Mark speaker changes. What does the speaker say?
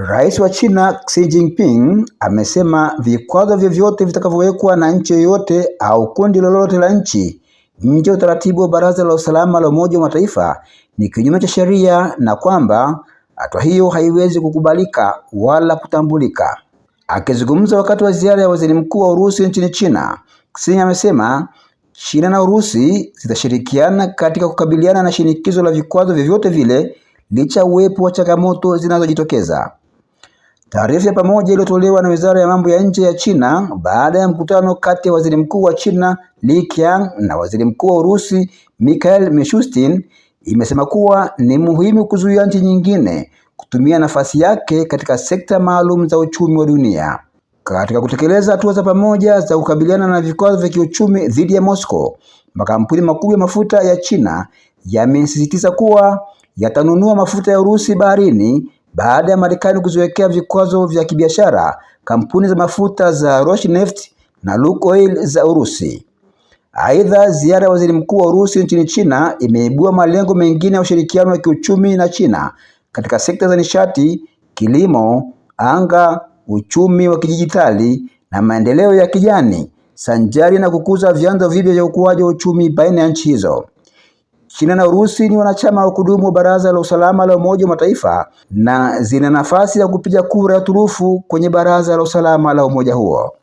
Speaker 1: Rais wa China Xi Jinping amesema vikwazo vyovyote vitakavyowekwa na nchi yoyote au kundi lolote la nchi nje ya utaratibu wa Baraza la Usalama la Umoja wa Mataifa ni kinyume cha sheria na kwamba hatua hiyo haiwezi kukubalika wala kutambulika. Akizungumza wakati wa ziara ya Waziri Mkuu wa Urusi nchini China, Xi amesema China na Urusi zitashirikiana katika kukabiliana na shinikizo la vikwazo vyovyote vile licha uwepo wa changamoto zinazojitokeza. Taarifa ya pamoja iliyotolewa na Wizara ya Mambo ya Nje ya China baada ya mkutano kati ya Waziri Mkuu wa China Li Qiang na Waziri Mkuu wa Urusi Mikhail Mishustin imesema kuwa ni muhimu kuzuia nchi nyingine kutumia nafasi yake katika sekta maalum za uchumi wa dunia katika kutekeleza hatua za pamoja za kukabiliana na vikwazo vya kiuchumi dhidi ya Moscow. Makampuni makubwa ya mafuta ya China yamesisitiza kuwa yatanunua mafuta ya Urusi baharini baada ya Marekani kuziwekea vikwazo vya kibiashara kampuni za mafuta za Rosneft na Lukoil za Urusi. Aidha, ziara ya waziri mkuu wa Urusi nchini China imeibua malengo mengine ya ushirikiano wa kiuchumi na China katika sekta za nishati, kilimo, anga, uchumi wa kidijitali na maendeleo ya kijani, sanjari na kukuza vyanzo vipya vya ukuaji wa uchumi baina ya nchi hizo. China na Urusi ni wanachama wa kudumu wa Baraza la Usalama la Umoja wa Mataifa na zina nafasi ya kupiga kura ya turufu kwenye Baraza la Usalama la umoja huo.